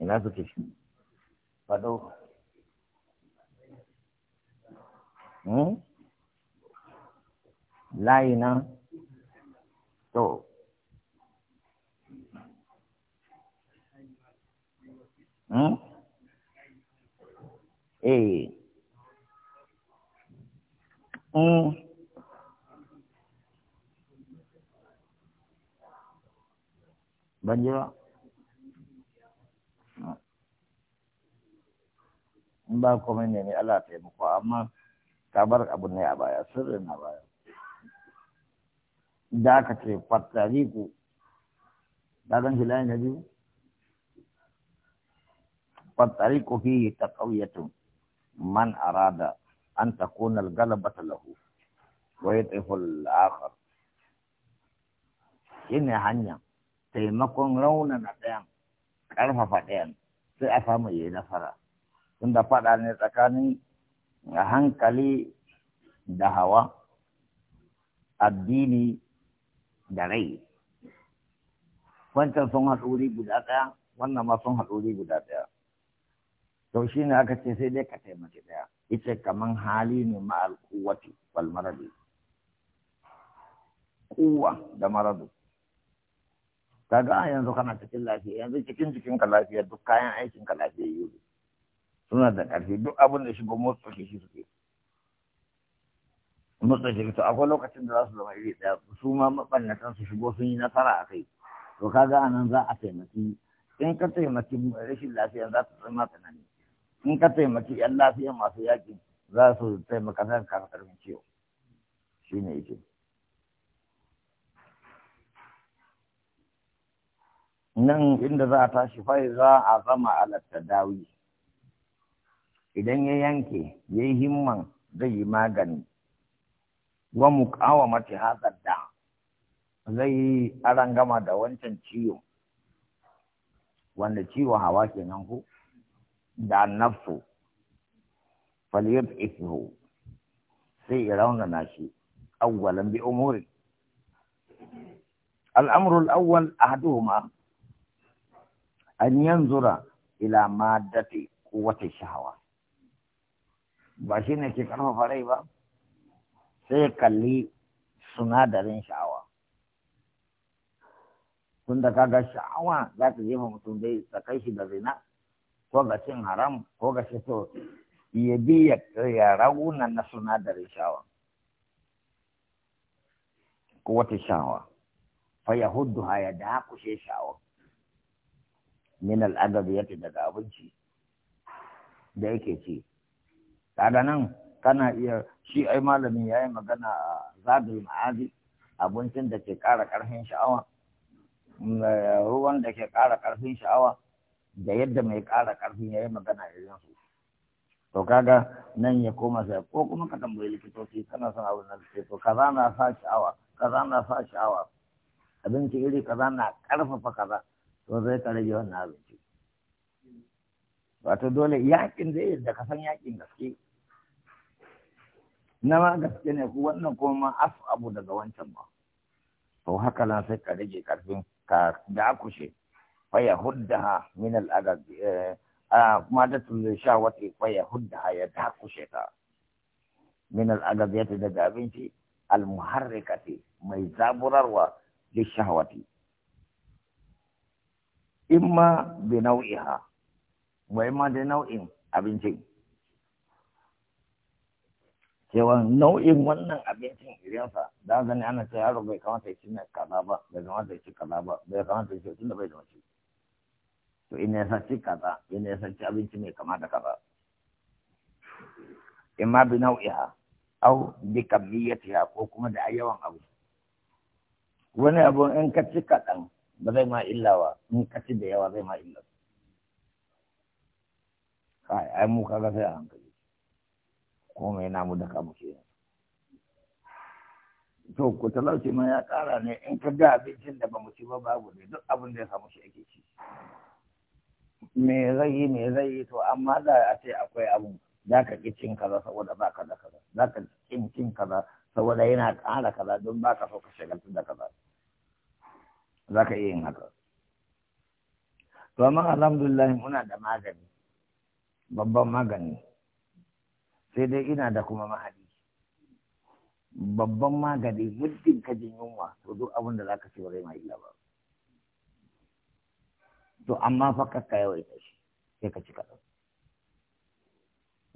ina suke shi faɗo hmm? layi na to hmm? eh hmm? ban ji ba in ba komai ne ne Allah taimako amma ka bar abu ne a baya sirrin na baya da aka ce ku da gan shi layin na biyu ku fi ta ƙauyatun man arada an ta kona ta lahu wa ya taiful akhar shine hanya taimakon raunana ɗayan ƙarfafa ɗayan sai a samu yi nasara da faɗa ne tsakanin hankali da hawa addini da rai wancan sun haɗuri guda ɗaya wannan ma sun haɗuri guda ɗaya to shi ne aka ce sai dai ka taimaki ɗaya ita kamar hali ne ma'al kuwati wal maradi kuwa da maradu kaga yanzu kana cikin lafiya yanzu cikin jikinka lafiya duk kayan aikinka lafiya yau suna da ƙarfi duk abin da shigo motsa ke shi suke motsa shi to akwai lokacin da za su zama iri ɗaya su ma maɓannatan su shigo sun yi nasara a kai to kaga anan za a taimaki in ka taimaki rashin lafiya za ta zama tsanani in ka taimaki yan lafiya masu yaƙi za su taimaka kan kafa ƙarfin ciwo ne yake nan inda za a tashi fai za a zama alatta dawi idan ya yanke ya yi himman zai yi magani wa muqawamati hadha da zai yi gama da wancan ciwo wanda ciwo hawa ke nan ku da nafsu falyut'ihu sai ya na shi awwalan bi umuri awwal al hadu ahaduhuma an yanzura ila ko quwwati shahawa ba shi ne ke karfafa rai ba sai kalli sunadarin sha'awa tun da kaga sha'awa za ta jefa mutum dai ta kai shi da zina ko ga cin haram ko ga shi to ya bi ya raguna na sunadarin sha'awa ko wata sha'awa fa ya huddu ha ya dakushe sha'awa min al'adab yake daga abinci da yake ci kaga nan kana iya shi ai malamin ya yi magana a zagaye ma'azi abincin da ke ƙara ƙarfin sha'awa eh, ruwan da ke ƙara ƙarfin sha'awa da yadda mai ƙara ƙarfin ya yi magana irin su to kaga nan ya koma sai ko kuma ka tambayi likitoci kana son abin da ce to kaza na sa sha'awa kaza na sa sha'awa abinci iri kaza na ƙarfafa kaza to zai ka rage wannan abinci wato dole yakin zai yadda ka san yakin gaske na ma gaske ne ku wannan kuma ma abu daga wancan ba to haka na sai ka rage karfin ka da kushe fa ya yahuddaha min al adab eh, a kuma sha wata fa ya ha ya da kushe ta min al adab ya daga abinci al muharrikati mai zaburarwa da shahwati imma bi nau'iha wa imma da nau'in abincin cewa nau'in wannan abincin irinsa da zane ana ce yaro bai kamata ya ci kaza ba bai kamata ya ci kaza ba bai kamata ya ci tunda bai da mace to ina yasa ci kaza ina yasa ci abinci mai kama da kaza imma bi nau'iha au bi kamiyatiha ko kuma da yawan abu wani abu in ka ci kaɗan ba zai ma illawa in ka ci da yawa zai ma illa ai mu kaga sai a hankali komai namu da muke ke to ku talauci ma ya ƙara ne in ka ga abincin da ba mu ci ba babu ne duk abin da ya samu shi ake ci me zai yi me zai yi to amma da a ce akwai abu za ka ƙi cin kaza saboda ba ka da kaza za ka ƙin cin kaza saboda yana ƙara kaza don ba ka so ka shagaltu da kaza za ka iya yin haka to amma alhamdulillah muna da magani babban magani sai dai ina da kuma ma'adi babban magani muddin ka jin yunwa to duk abin da zaka ci ba zai ma illa ba to amma fa ka yawaita shi sai ka ci kaɗan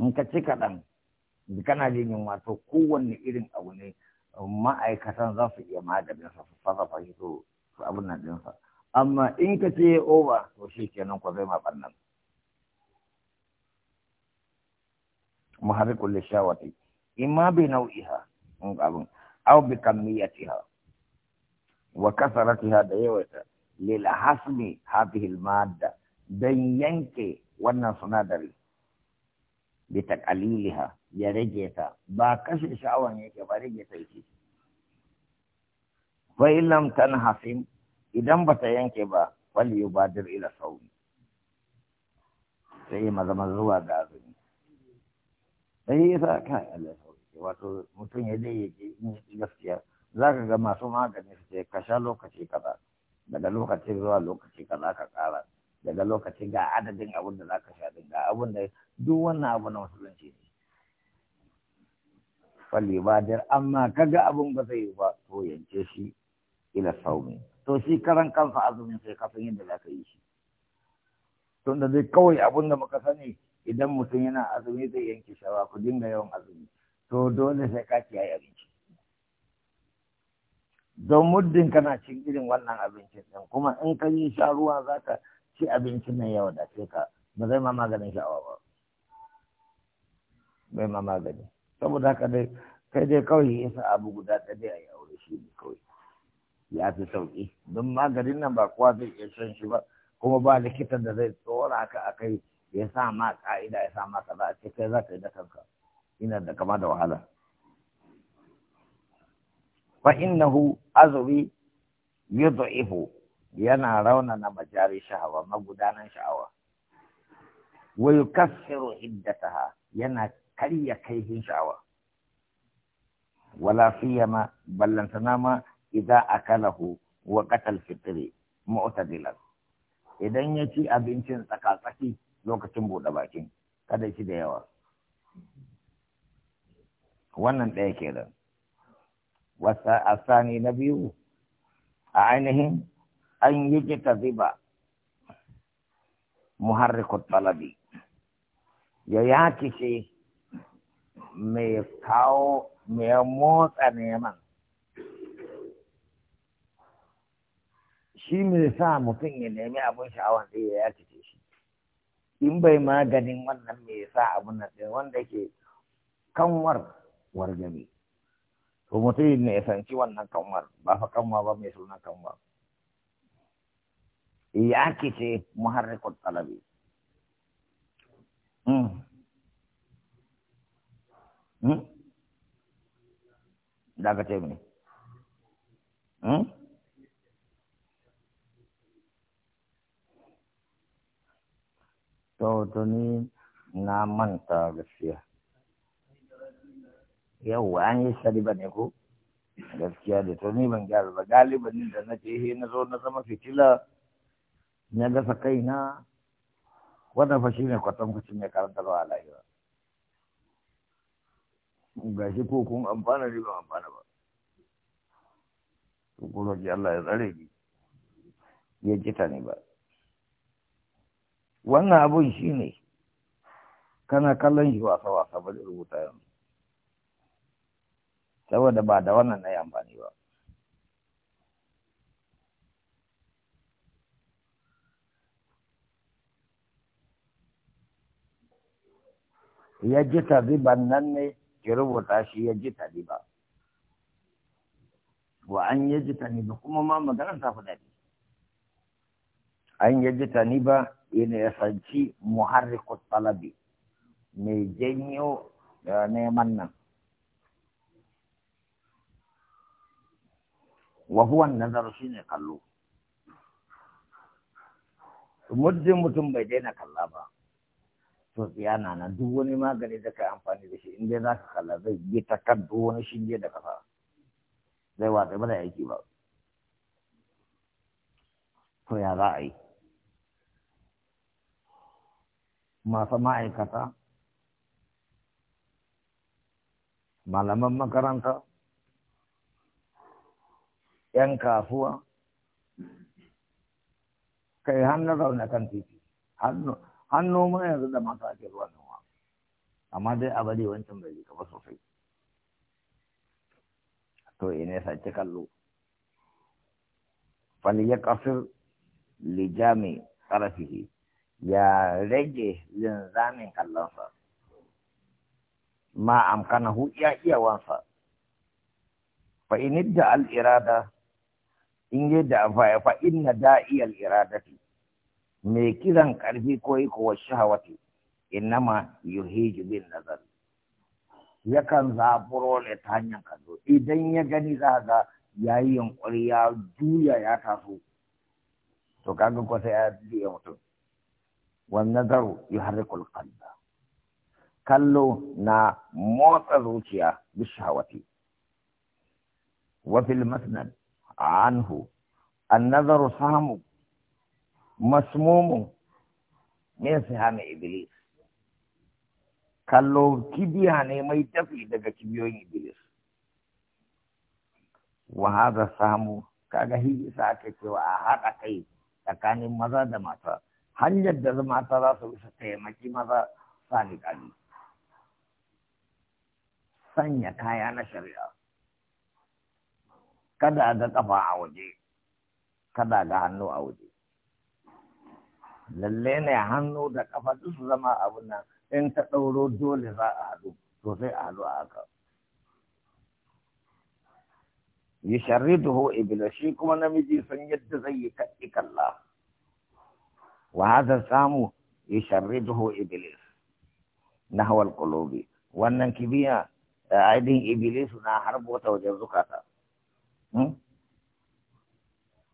in ka ci kaɗan kana jin yunwa to kowanne irin abu ne ma'aikatan za su iya sa su sarrafa shi to su abin nan ɗinsa amma in ka ce over to shi kenan ko zai ma ɓannan muharrikul lishawati imma bi nau'iha abun aw bi kamiyatiha wa kasaratiha da yawaita lil hasmi hadhihi al madda dan yanke wannan sunadari bi taqaliliha ya rage ta ba kashe sha'awan yake ba rage ta yake fa illam tanhasim idan bata yanke ba wal yubadir ila sawmi sai maza zuwa ga azumi sai ya sa kai Allah wato mutum ya dai yake gaskiya za ka ga masu magani su ce ka sha lokaci kaza daga lokacin zuwa lokaci kaza ka kara daga lokaci ga adadin abin da za ka sha din ga abin da duk wannan abu na musulunci ne falli ba amma kaga abin ba zai yi ba to yance shi ila saumi to shi karan kansa azumin sai ka san yadda za ka yi shi tunda dai kawai abin da muka sani idan mutum yana azumi zai yanke shawa ku dinga yawan azumi to dole sai ka kiyaye abinci don muddin kana cin irin wannan abincin din kuma in ka yi sha ruwa za ka ci abincin nan yawa da ka ba zai ma maganin sha'awa ba bai ma magani saboda haka dai kai dai kawai ya sa abu guda ta dai a yi aure shi ne kawai ya fi sauƙi don maganin nan ba kowa zai iya shan shi ba kuma ba likitan da zai tsora ka a kai ya sa ma ka'ida ya sa ma kaza a ce kai za ka yi da kanka ina da kama da wahala fa innahu azwi yud'ifu yana rauna na majari sha'awa magudanan sha'awa wa yukaffiru iddataha yana karya kaifin sha'awa wala fiyama ballantana ma idza akalahu wa qatal fitri mu'tadilan idan ya ci abincin tsaka-tsaki lokacin buɗe bakin kada shi da yawa wannan ɗaya ke da wasa sani na biyu a ainihin an yi jita ziba muharrikun talabi ya ya kishe mai kawo mai motsa neman shi mai sa mutum ya nemi abin sha'awar da ya yaki in bai maganin wannan me yasa abu na wanda yake kanwar wargami to mutum ne ya sanci wannan kanwar ba fa kanwa ba mai suna kanwa eh, ya ce muharrikun talabi hmm. Hmm? da ce mini to tuni na manta gaskiya yawwa an yi ba ne ko gaskiya da to ni ban gyara ba galibin da na ce he na zo na zama fitila na gasa kaina wannan fa ne kwatan kucin mai karanta ba lahira ga shi ko kun amfana ne ban amfana ba to ko Allah ya tsare ni ya jita ne ba wannan abun shi ne kana kallon shi wasa-wasa ba da rubuta yanzu saboda ba da wannan na yi amfani ba ya ji ba, nan ne ki rubuta shi ya ji ba, wa an ya ji ba kuma ma maganar ta fi daɗi an ya ji ba. ina ya sanci muharrikus talabi mai janyo eh, neman nan wa huwa nazar ne kallo muddin mutum bai daina kalla ba to tsiyana na duk wani magani da kai amfani da shi in dai zaka kalla zai yi ta kaddo wani shinge da kafa zai watsa ba da aiki ba to ya za a yi masu ma'aikata malaman makaranta ‘yan kasuwa kai hannun zaune kan titi hannu ma yanzu da masu ake ruwa nawa amma dai a bari wancan bai yi kafa sosai to ina sace kallo fali ya kafir lijami tsarafihi ya rage linzamin kallonsa ma hu iya wansa. fa inidda al irada in yadda fa fa inna da'i al iradati Me kiran karfi ko iko wa shahawati innama yuhiju bin nazar yakan zaburo ne ta hanyar kallo idan ya gani za ga yayin yunkuri ya juya ya taso to kaga ko sai ya juya mutum والنذر يحرك القلب كلو نا موت روشيا بالشهوتي وفي المسند عنه النذر سهم مسموم من سهام إبليس كلو كبياني ما يتفي دقا كبيوين إبليس وهذا السهم كاغهي ساكتي وآهاتكي تكاني مزاد ماتات hanyar da mata za su bisa taimaki maza sani kali sanya kaya na shari'a kada ga kafa a waje kada ga hannu a waje lalle ne hannu da kafa duk su zama abin nan in ta ɗauro dole za a haɗu to sai a haɗu a haka yi sharri duhu Ibila, shi kuma namiji sun yadda zai yi kaɗi kalla وهذا السام يشرده إبليس نحو القلوب wannan kibiya aidin iblisu na harbo ta wajen zukata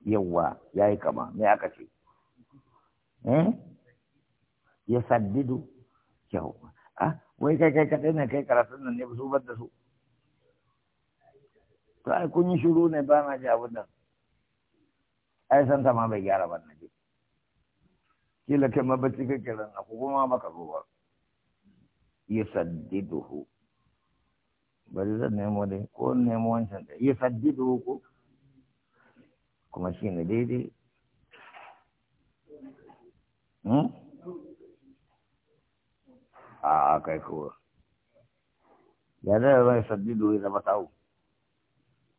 yawa yi kama me aka ce ya saddidu kyau ah wai kai kai kadai ne kai karatun nan ne ba su bar da su to ai kun yi shiru ne ba na ji abin nan ai san ma bai gyara ba na kila kai mabacci kake ran aku kuma ma maka ruwa yusaddiduhu bari zan nemo dai ko nemo wancan da yusaddiduhu ko kuma shi ne daidai hmm? a kai kuwa ya zai zai saddidu ya zama tawo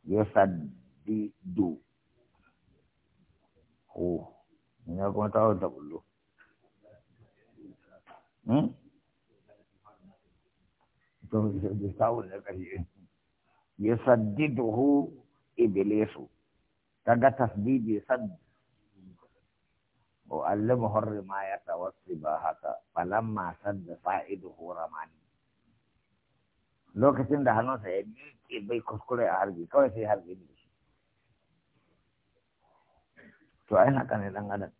ya saddidu ho ina kuma tawo ta bullo Hm? ya saddiduhu iblisu kaga tasdidi sadd wa allama harrama ya tawassiba haka falamma sadda sa'iduhu ramani lokacin da hannunsa ya miƙe bai kuskure a harbi kawai sai harbi ne to ai haka ne dan adam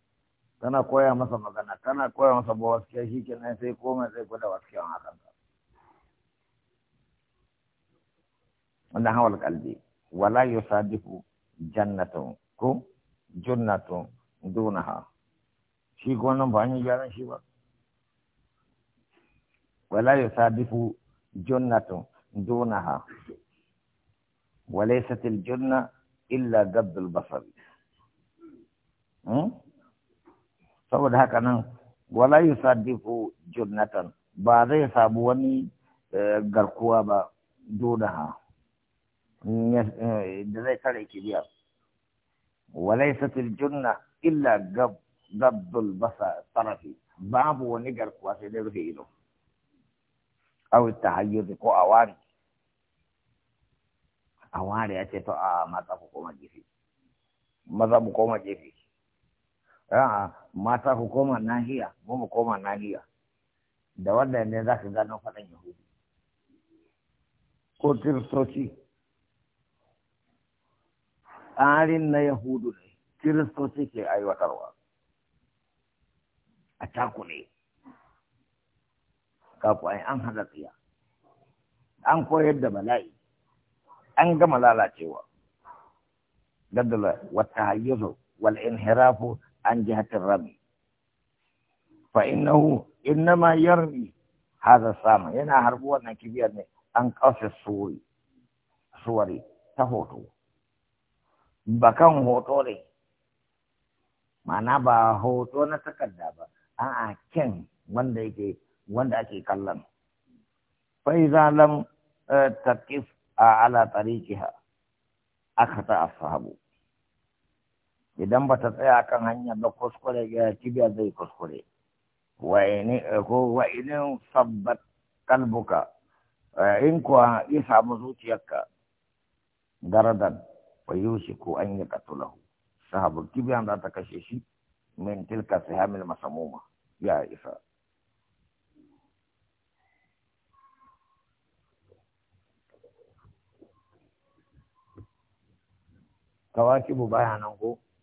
kana koya masa magana kana koya masa ba waskiya shi ke nan sai koma sai kula waskiya a kansa wannan hawal kalbi wala yusadiku jannatu ko jannatu dunaha shi gonan ba ni yi shi ba wala yusadiku jannatu dunaha walaysatil janna illa gabdul basar hmm? saboda haka nan wala yi sadifu jurnatan, ba zai sabu wani eh, garkuwa ba dona ha eh, da zai tare kiriyar wala yi satil junna illa gabdul basa tarafi babu wani garkuwa sai dai rufe ido awi ta hanyar da ko a ware a ware ya ce to a ah, mata ku koma gefe maza mu koma gefe mata ku koma nahiya mu mu koma nahiya da wanda ne za ka gano faɗin yahudi ko kiristoci tsarin na yahudu ne kiristoci ke aiwatarwa a cakule kakwai an haɗa tsiya an koyar da bala'i an gama lalacewa Dandala wata hayyazo wal inhirafu An jiha cin rami. Fa'in na hu! In nama yar'ni, haza sama. Yana harbi wannan kibiyar ne. An ƙaufe su ri ta hoto. Ba kan hoto ne. Ma'ana ba hoto na takarda ba. A'a, kyan wanda ake kallan. Faizalan tattif a ala ɗariki ha. Aka ta'a sabu. idan ba ta tsaya kan hanya ba kuskure ya kibiya zai kuskure wa'inin sabbat kalbuka eh, in kuwa ya samu zuciyarka daradan wa yushi ko an yi katulahu sahabu kibiyan za ta kashe shi min tilka masa masamuma ya isa kawakibu baya nan ko